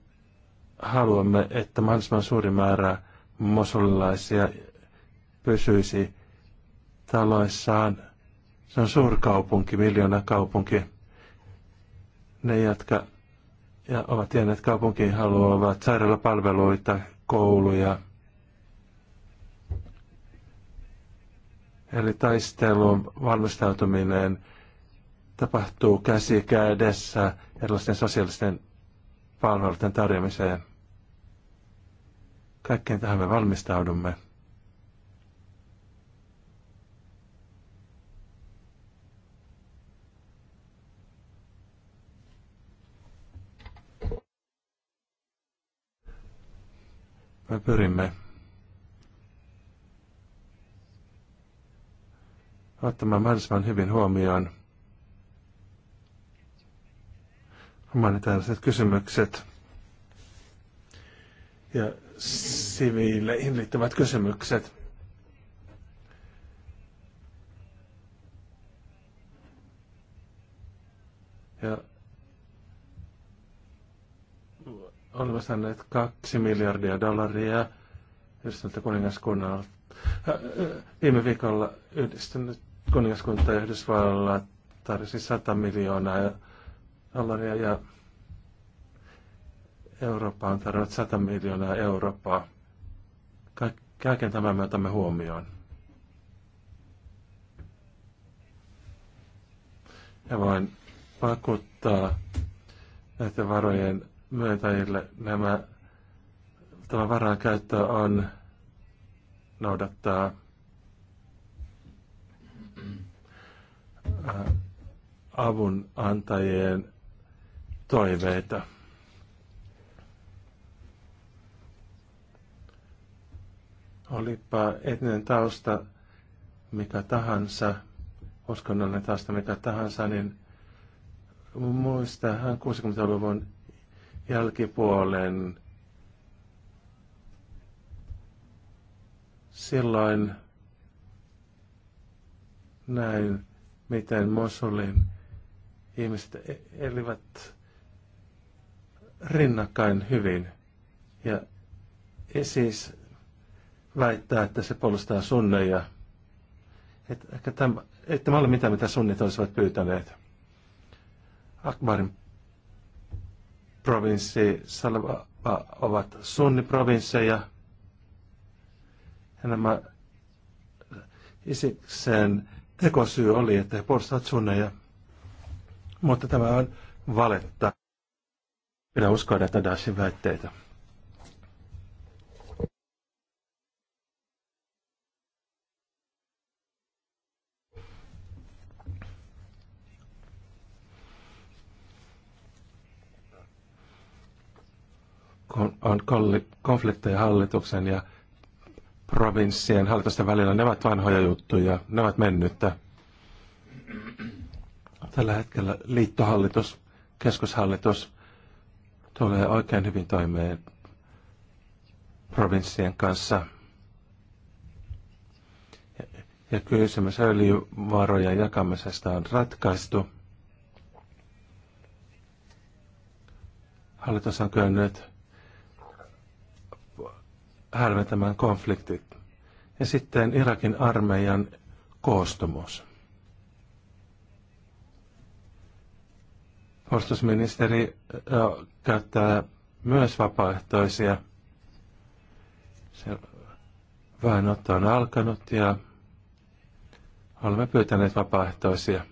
Speaker 1: haluamme, että mahdollisimman suuri määrä mosulilaisia pysyisi taloissaan. Se on suurkaupunki, miljoona kaupunki. Ne, jotka ja ovat tienneet kaupunkiin, haluavat sairaalapalveluita, kouluja. Eli taisteluun valmistautuminen tapahtuu käsi kädessä erilaisten sosiaalisten palveluiden tarjoamiseen. Kaikkeen tähän me valmistaudumme. Me pyrimme ottamaan mahdollisimman hyvin huomioon humanitaariset kysymykset ja siviileihin liittyvät kysymykset. Ja olemme saaneet kaksi miljardia dollaria yhdistyntä kuningaskunnalta. Viime viikolla yhdistynyt kuningaskunta ja Yhdysvallat tarjosi 100 miljoonaa dollaria ja Eurooppa on tarjonnut 100 miljoonaa Eurooppaa. Kaiken tämän me otamme huomioon. Ja voin pakottaa näiden varojen myöntäjille nämä, tämä varan käyttö on noudattaa avun antajien toiveita. Olipa etninen tausta mikä tahansa, uskonnollinen tausta mikä tahansa, niin muistahan 60-luvun jälkipuolen silloin näin, miten Mosulin ihmiset e- elivät rinnakkain hyvin. Ja esis väittää, että se puolustaa sunneja. Että, että tämä, että tämä ole mitään, mitä sunnit olisivat pyytäneet. Akbarin provinssi, Salva ovat sunniprovinsseja. Ja nämä Isiksen tekosyy oli, että he puolustavat sunneja. Mutta tämä on valetta. Minä uskon näitä Daeshin väitteitä. on konflikteja hallituksen ja provinssien hallitusten välillä. Ne ovat vanhoja juttuja, ne ovat mennyttä. Tällä hetkellä liittohallitus, keskushallitus tulee oikein hyvin toimeen provinssien kanssa. Ja, kysymys öljyvarojen jakamisesta on ratkaistu. Hallitus on kyennyt hälventämään konfliktit. Ja sitten Irakin armeijan koostumus. Puolustusministeri käyttää myös vapaaehtoisia. Se vainotto on alkanut ja olemme pyytäneet vapaaehtoisia.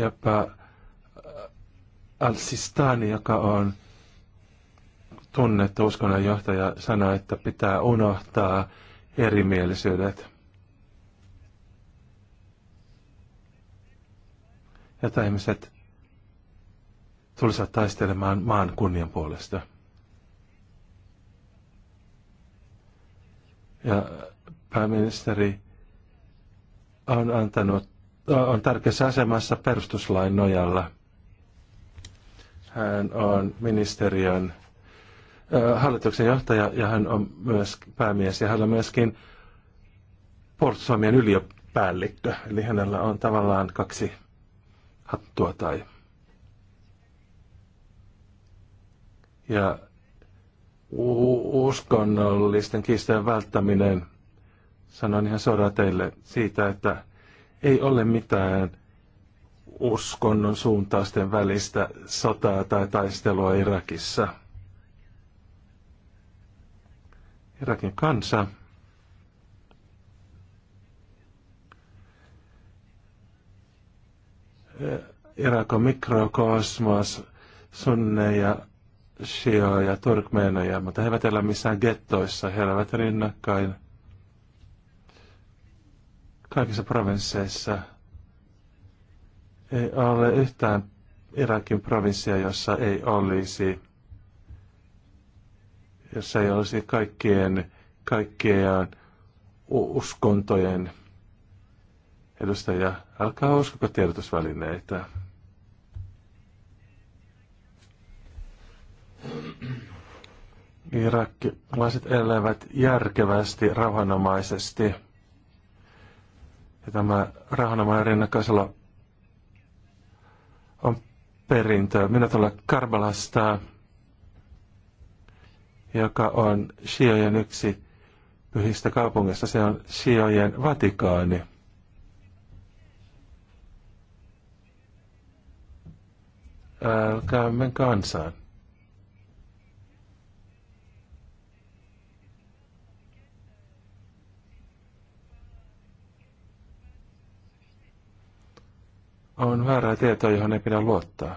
Speaker 1: Jopa äh, Al-Sistani, joka on tunnettu uskonnonjohtaja, sanoi, että pitää unohtaa erimielisyydet – että ihmiset tulisivat taistelemaan maan kunnian puolesta. Ja pääministeri on antanut, on tärkeässä asemassa perustuslain nojalla. Hän on ministeriön hallituksen johtaja ja hän on myös päämies ja hän on myöskin Portsuomien yliopäällikkö. Eli hänellä on tavallaan kaksi hattua tai... Ja uskonnollisten kiistojen välttäminen, sanon ihan suoraan teille siitä, että ei ole mitään uskonnon suuntausten välistä sotaa tai taistelua Irakissa. Irakin kansa Irakon mikrokosmos, sunneja, shioja, turkmeenoja, mutta he eivät elä missään gettoissa, he elävät rinnakkain kaikissa provinsseissa. Ei ole yhtään Irakin provinssia, jossa ei olisi, jossa ei olisi kaikkien, kaikkien uskontojen Edustaja, älkää uskoko tiedotusvälineitä. Irakilaiset elävät järkevästi, rauhanomaisesti. Ja tämä rauhanomainen rinnakkaisella on perintö. Minä tulen Karbalasta, joka on Shiojen yksi pyhistä kaupungista, Se on Shiojen Vatikaani. älkäämme kansaan. On väärää tietoa, johon ei pidä luottaa.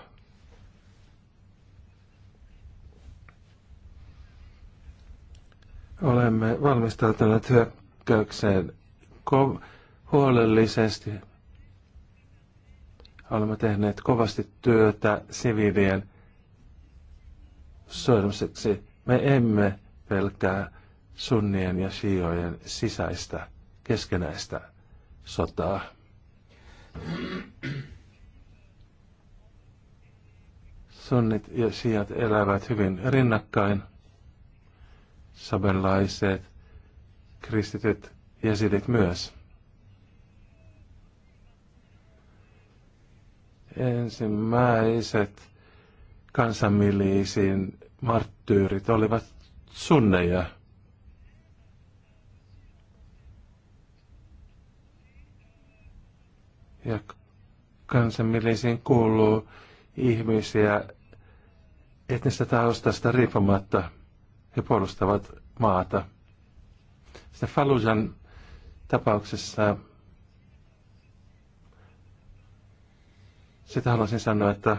Speaker 1: Olemme valmistautuneet hyökkäykseen huolellisesti – Olemme tehneet kovasti työtä siviilien suojelmiseksi. Me emme pelkää sunnien ja shiojen sisäistä keskenäistä sotaa. Sunnit ja sijat elävät hyvin rinnakkain. Sabenlaiset, kristityt, jesidit myös. ensimmäiset kansanmiliisin marttyyrit olivat sunneja. Ja kansanmiliisiin kuuluu ihmisiä etnistä taustasta riippumatta. He puolustavat maata. Sitten Falujan tapauksessa Sitä haluaisin sanoa, että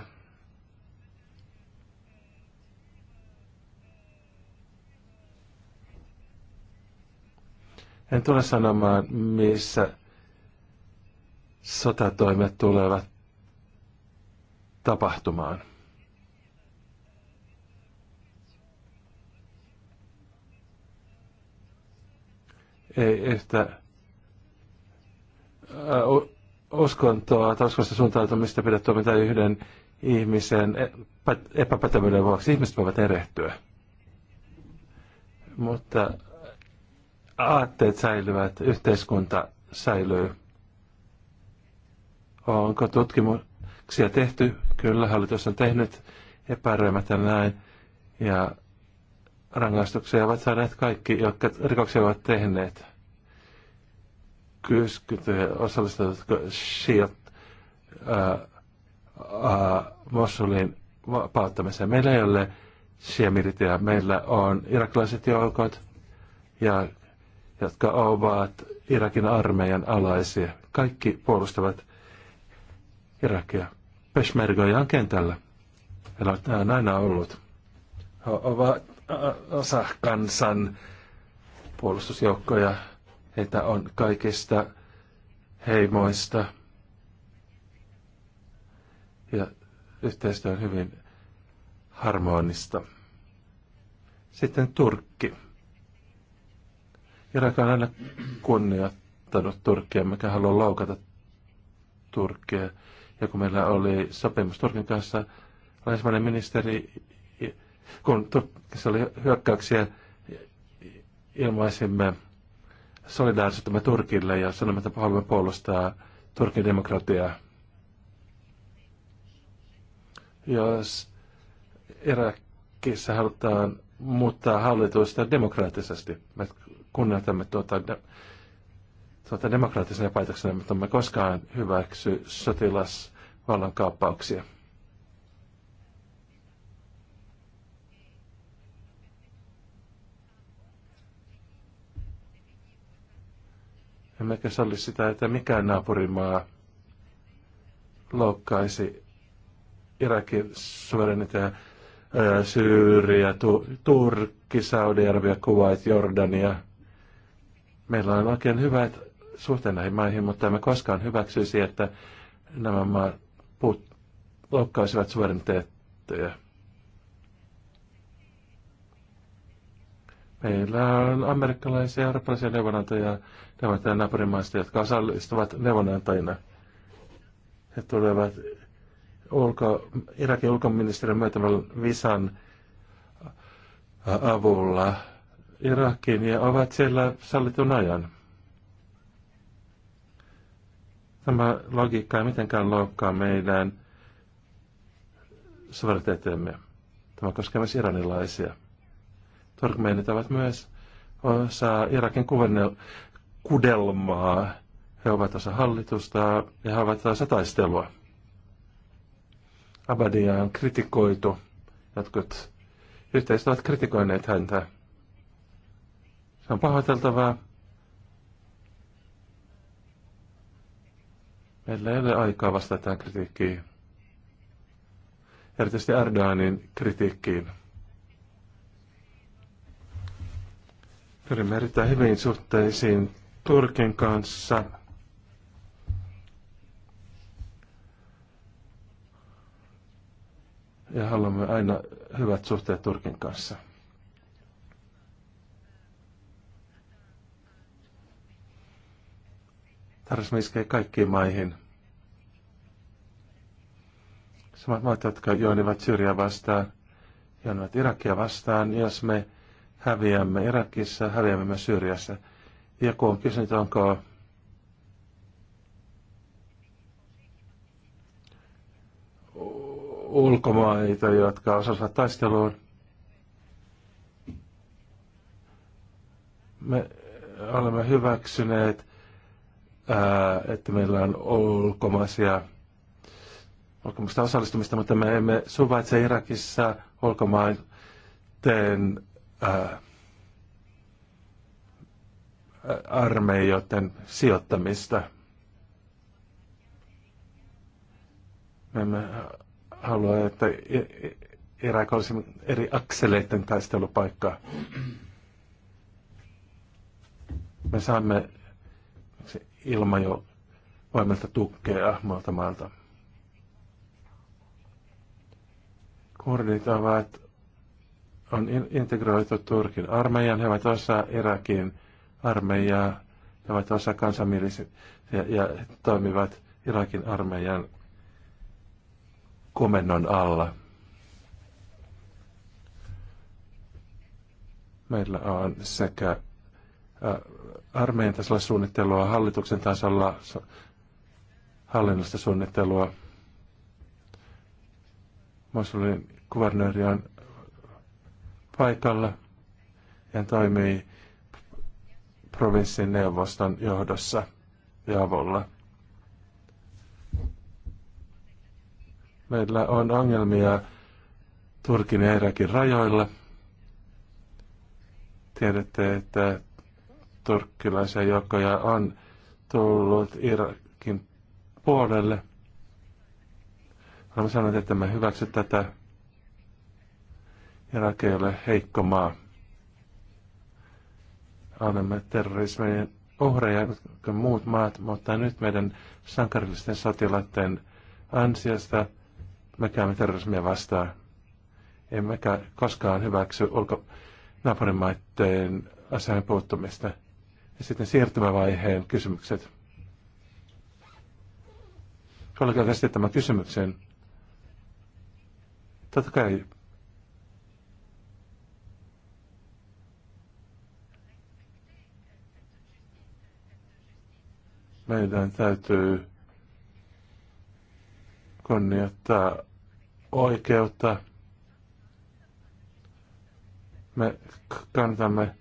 Speaker 1: en tule sanomaan, missä sotatoimet tulevat tapahtumaan. Ei yhtä uskontoa uskonnollista suuntautumista pidä tuomita yhden ihmisen e- epäpätevyyden vuoksi. Ihmiset voivat erehtyä. Mutta aatteet säilyvät, yhteiskunta säilyy. Onko tutkimuksia tehty? Kyllä, hallitus on tehnyt epäröimättä näin. Ja rangaistuksia ovat saaneet kaikki, jotka rikoksia ovat tehneet osallistua, jotka Shiat Mosulin vapauttamiseen. Meillä ei ole siemiritia, meillä on irakilaiset joukot, ja, jotka ovat Irakin armeijan alaisia. Kaikki puolustavat Irakia. Peshmergoja on kentällä. Tämä on aina ollut. He ovat osa kansan puolustusjoukkoja Heitä on kaikista heimoista. Ja yhteistyö on hyvin harmonista. Sitten Turkki. Irak on aina kunnioittanut Turkkia, mikä haluaa loukata Turkkia. Ja kun meillä oli sopimus Turkin kanssa, oli ensimmäinen ministeri, kun Turkissa oli hyökkäyksiä, ilmaisimme solidaarisuuttamme Turkille ja sanomme, että haluamme puolustaa Turkin demokratiaa. Jos Irakissa halutaan muuttaa hallitusta demokraattisesti, me kunnioitamme tuota, tuota demokraattisena paitoksena, mutta me koskaan hyväksy kaappauksia. Emmekä salli sitä, että mikään naapurimaa loukkaisi Irakin suvereniteettia, Syyriä, tu- Turkki, Saudi-Arabia, Kuwait, Jordania. Meillä on oikein hyvät suhteen näihin maihin, mutta emme koskaan hyväksyisi, että nämä maat puut- loukkaisivat suvereniteetteja. Meillä on amerikkalaisia ja eurooppalaisia neuvonantajia, neuvonantajia naapurimaista, jotka osallistuvat neuvonantajina. He tulevat ulko, Irakin ulkoministeriön myötävän visan avulla Irakiin ja ovat siellä sallitun ajan. Tämä logiikka ei mitenkään loukkaa meidän suveriteetemme. Tämä koskee myös iranilaisia. Turkmeenit ovat myös osa Irakin kudelmaa. He ovat osa hallitusta ja he ovat osa taistelua. Abadia on kritikoitu. Jotkut yhteisöt ovat kritikoineet häntä. Se on pahoiteltavaa. Meillä ei ole aikaa vastata kritiikkiin. Erityisesti Erdoganin kritiikkiin. Pyrimme erittäin hyvin suhteisiin Turkin kanssa. Ja haluamme aina hyvät suhteet Turkin kanssa. Terrorismi iskee kaikkiin maihin. Samat maat, jotka joonivat Syyriä vastaan, joonivat Irakia vastaan, jos me häviämme Irakissa, häviämme myös Syyriassa. kun on kysynyt, onko ulkomaita, jotka osallistuvat taisteluun. Me olemme hyväksyneet, että meillä on ulkomaisia ulkomaista osallistumista, mutta me emme suvaitse Irakissa ulkomaiden armeijoiden sijoittamista. Me emme halua, että Irak olisi eri akseleiden taistelupaikka. Me saamme ilma jo voimilta tukea muilta maalta. Kurdit ovat on integroitu Turkin armeijan, he ovat osa Irakin armeijaa, he ovat osa kansanmielisiä ja, ja toimivat Irakin armeijan komennon alla. Meillä on sekä armeijan tasolla suunnittelua, hallituksen tasolla hallinnosta suunnittelua. Mosulin kuvernööri on paikalla. Hän toimii provinssin neuvoston johdossa ja avulla. Meillä on ongelmia Turkin ja Irakin rajoilla. Tiedätte, että turkkilaisia joukkoja on tullut Irakin puolelle. Olemme sanoneet, että me hyväksy tätä. Irak ei heikko maa. Annamme terrorismien uhreja, kuin muut maat, mutta nyt meidän sankarillisten sotilaiden ansiosta me käymme terrorismia vastaan. Emmekä koskaan hyväksy ulko naapurimaiden asian puuttumista. Ja sitten siirtymävaiheen kysymykset. Kollega esittämä kysymyksen. Totta kai meidän täytyy kunnioittaa oikeutta. Me kannatamme,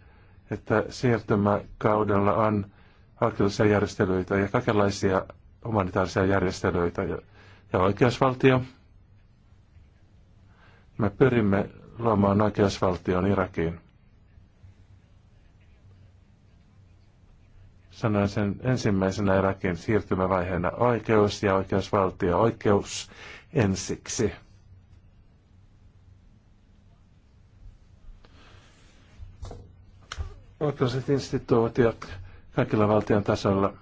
Speaker 1: että siirtymäkaudella on oikeudellisia järjestelyitä ja kaikenlaisia humanitaarisia järjestelyitä ja, ja oikeusvaltio. Me pyrimme luomaan oikeusvaltion Irakiin. sanoin sen ensimmäisenä Irakin siirtymävaiheena oikeus ja oikeusvaltio, oikeus ensiksi. Oikeuset instituutiot kaikilla valtion tasolla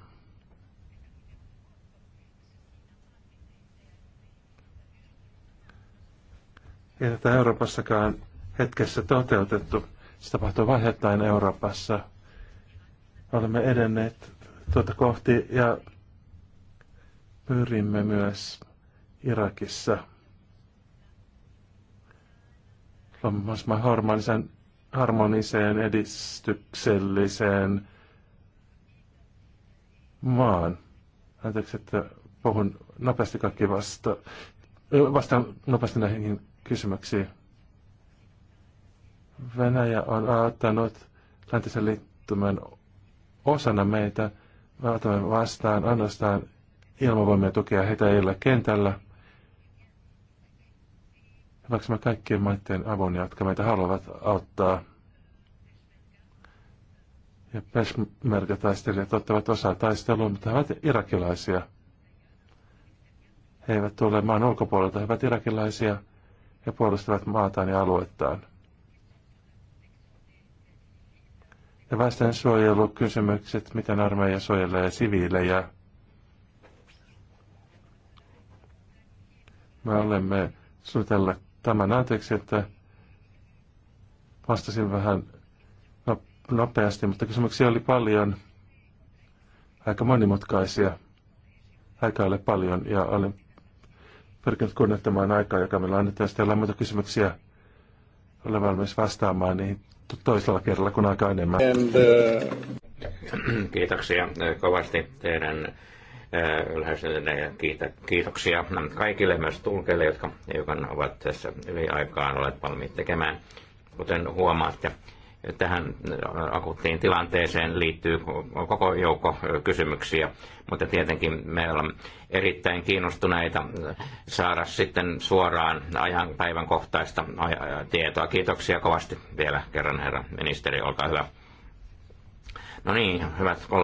Speaker 1: ei tätä Euroopassakaan hetkessä toteutettu. Se tapahtuu vaiheittain Euroopassa – olemme edenneet tuota kohti ja pyrimme myös Irakissa mahdollisimman harmonisen, harmoniseen, edistykselliseen maan. Anteeksi, että puhun nopeasti kaikki vasta. Vastaan nopeasti näihin kysymyksiin. Venäjä on aattanut läntisen liittymän osana meitä. Me otamme vastaan ainoastaan ilmavoimia tukea heitä eillä kentällä. Hyväksymme kaikkien maiden avun, jotka meitä haluavat auttaa. Ja Peshmerga-taistelijat ottavat osaa taisteluun, mutta he ovat irakilaisia. He eivät tule maan ulkopuolelta, he ovat irakilaisia ja puolustavat maataan ja aluettaan. Ja väestönsuojelukysymykset, miten armeija suojelee siviilejä. Me olemme suunnitella tämän anteeksi, että vastasin vähän nopeasti, mutta kysymyksiä oli paljon, aika monimutkaisia. aika oli paljon ja olen pyrkinyt kunnioittamaan aikaa, joka meillä annetaan. Jos teillä on muita kysymyksiä, olen valmis vastaamaan niihin toisella kerralla, kun aika enemmän. And,
Speaker 2: uh... <clears throat> Kiitoksia äh, kovasti teidän ylhäiselle äh, ja kiitä, kiitoksia kaikille myös tulkeille, jotka, jotka ovat tässä aikaan olleet valmiit tekemään. Kuten huomaatte, tähän akuuttiin tilanteeseen liittyy koko joukko kysymyksiä, mutta tietenkin me olemme erittäin kiinnostuneita saada sitten suoraan ajan päivän kohtaista
Speaker 1: tietoa. Kiitoksia kovasti vielä kerran herra ministeri, olkaa hyvä. No niin, hyvät kollegat.